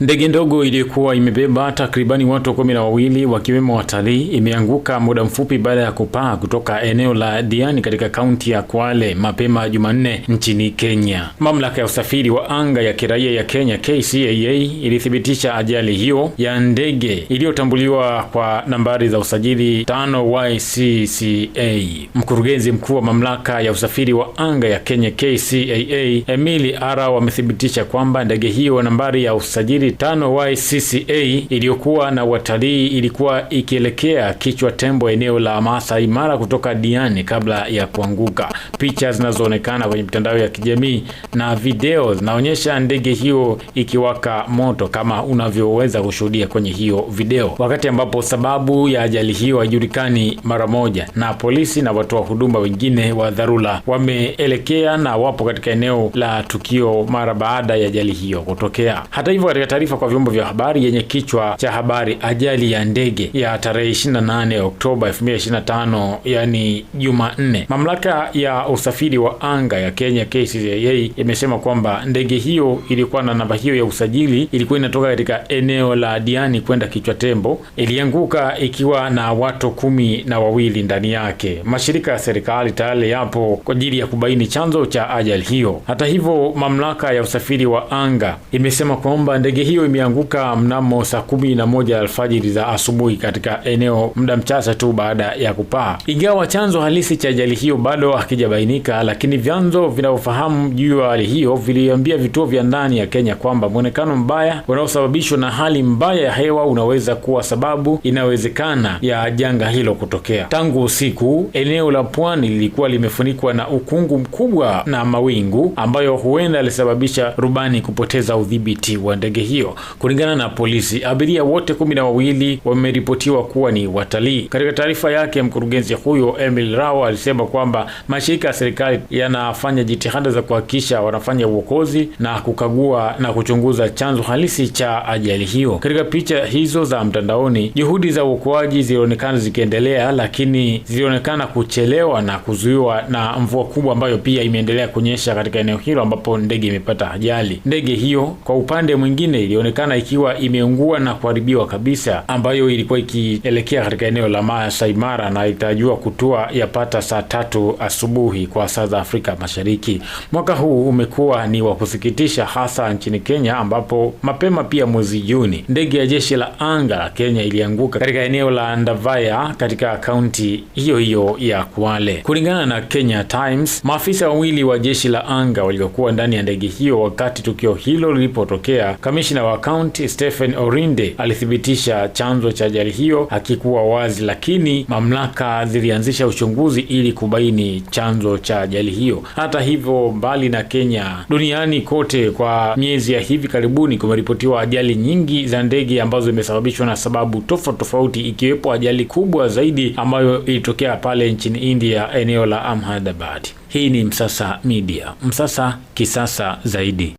Ndege ndogo iliyokuwa imebeba takribani watu kumi na wawili wakiwemo watalii imeanguka muda mfupi baada ya kupaa kutoka eneo la Diani katika kaunti ya Kwale mapema Jumanne nchini Kenya. Mamlaka ya usafiri wa anga ya kiraia ya Kenya KCAA ilithibitisha ajali hiyo ya ndege iliyotambuliwa kwa nambari za usajili 5YCCA. Mkurugenzi mkuu wa mamlaka ya usafiri wa anga ya Kenya KCAA Emily Ara wamethibitisha kwamba ndege hiyo nambari ya usajili 25 YCCA iliyokuwa na watalii ilikuwa ikielekea kichwa tembo eneo la Maasai Mara kutoka Diani kabla ya kuanguka. Picha zinazoonekana kwenye mitandao ya kijamii na video zinaonyesha ndege hiyo ikiwaka moto kama unavyoweza kushuhudia kwenye hiyo video, wakati ambapo sababu ya ajali hiyo haijulikani mara moja, na polisi na watoa huduma wengine wa dharura wameelekea na wapo katika eneo la tukio mara baada ya ajali hiyo kutokea. Hata hivyo katika taarifa kwa vyombo vya habari yenye kichwa cha habari ajali ya ndege ya tarehe 28 Oktoba 2025, yani Jumanne. Mamlaka ya usafiri wa anga ya Kenya KCAA imesema kwamba ndege hiyo ilikuwa na namba hiyo ya usajili, ilikuwa inatoka katika eneo la Diani kwenda Kichwa Tembo, ilianguka ikiwa na watu kumi na wawili ndani yake. Mashirika ya serikali tayari yapo kwa ajili ya kubaini chanzo cha ajali hiyo. Hata hivyo, mamlaka ya usafiri wa anga imesema kwamba ndege hiyo imeanguka mnamo saa kumi na moja alfajiri za asubuhi katika eneo muda mchache tu baada ya kupaa. Ingawa chanzo halisi cha ajali hiyo bado hakijabainika, lakini vyanzo vinavyofahamu juu ya hali hiyo viliambia vituo vya ndani ya Kenya kwamba mwonekano mbaya unaosababishwa na hali mbaya ya hewa unaweza kuwa sababu inawezekana ya janga hilo kutokea. Tangu usiku, eneo la pwani lilikuwa limefunikwa na ukungu mkubwa na mawingu ambayo huenda alisababisha rubani kupoteza udhibiti wa ndege hiyo hiyo. Kulingana na polisi, abiria wote kumi na wawili wameripotiwa kuwa ni watalii. Katika taarifa yake, mkurugenzi huyo Emil Rao alisema kwamba mashirika ya serikali yanafanya jitihada za kuhakikisha wanafanya uokozi na kukagua na kuchunguza chanzo halisi cha ajali hiyo. Katika picha hizo za mtandaoni, juhudi za uokoaji zilionekana zikiendelea, lakini zilionekana kuchelewa na kuzuiwa na mvua kubwa ambayo pia imeendelea kunyesha katika eneo hilo ambapo ndege imepata ajali. Ndege hiyo kwa upande mwingine ilionekana ikiwa imeungua na kuharibiwa kabisa, ambayo ilikuwa ikielekea katika eneo la Maasai Mara na itajua kutua yapata saa tatu asubuhi kwa saa za Afrika Mashariki. Mwaka huu umekuwa ni wa kusikitisha, hasa nchini Kenya ambapo mapema pia mwezi Juni ndege ya jeshi la anga la Kenya ilianguka katika eneo la Ndavaya katika kaunti hiyo hiyo ya Kwale. Kulingana na Kenya Times, maafisa wawili wa jeshi la anga waliokuwa ndani ya ndege hiyo wakati tukio hilo lilipotokea, kamishna Kamishna wa kaunti Stephen Orinde alithibitisha chanzo cha ajali hiyo hakikuwa wazi, lakini mamlaka zilianzisha uchunguzi ili kubaini chanzo cha ajali hiyo. Hata hivyo, mbali na Kenya, duniani kote kwa miezi ya hivi karibuni kumeripotiwa ajali nyingi za ndege ambazo zimesababishwa na sababu tofauti tofauti, ikiwepo ajali kubwa zaidi ambayo ilitokea pale nchini India, eneo la Ahmedabad. Hii ni Msasa Media, Msasa kisasa zaidi.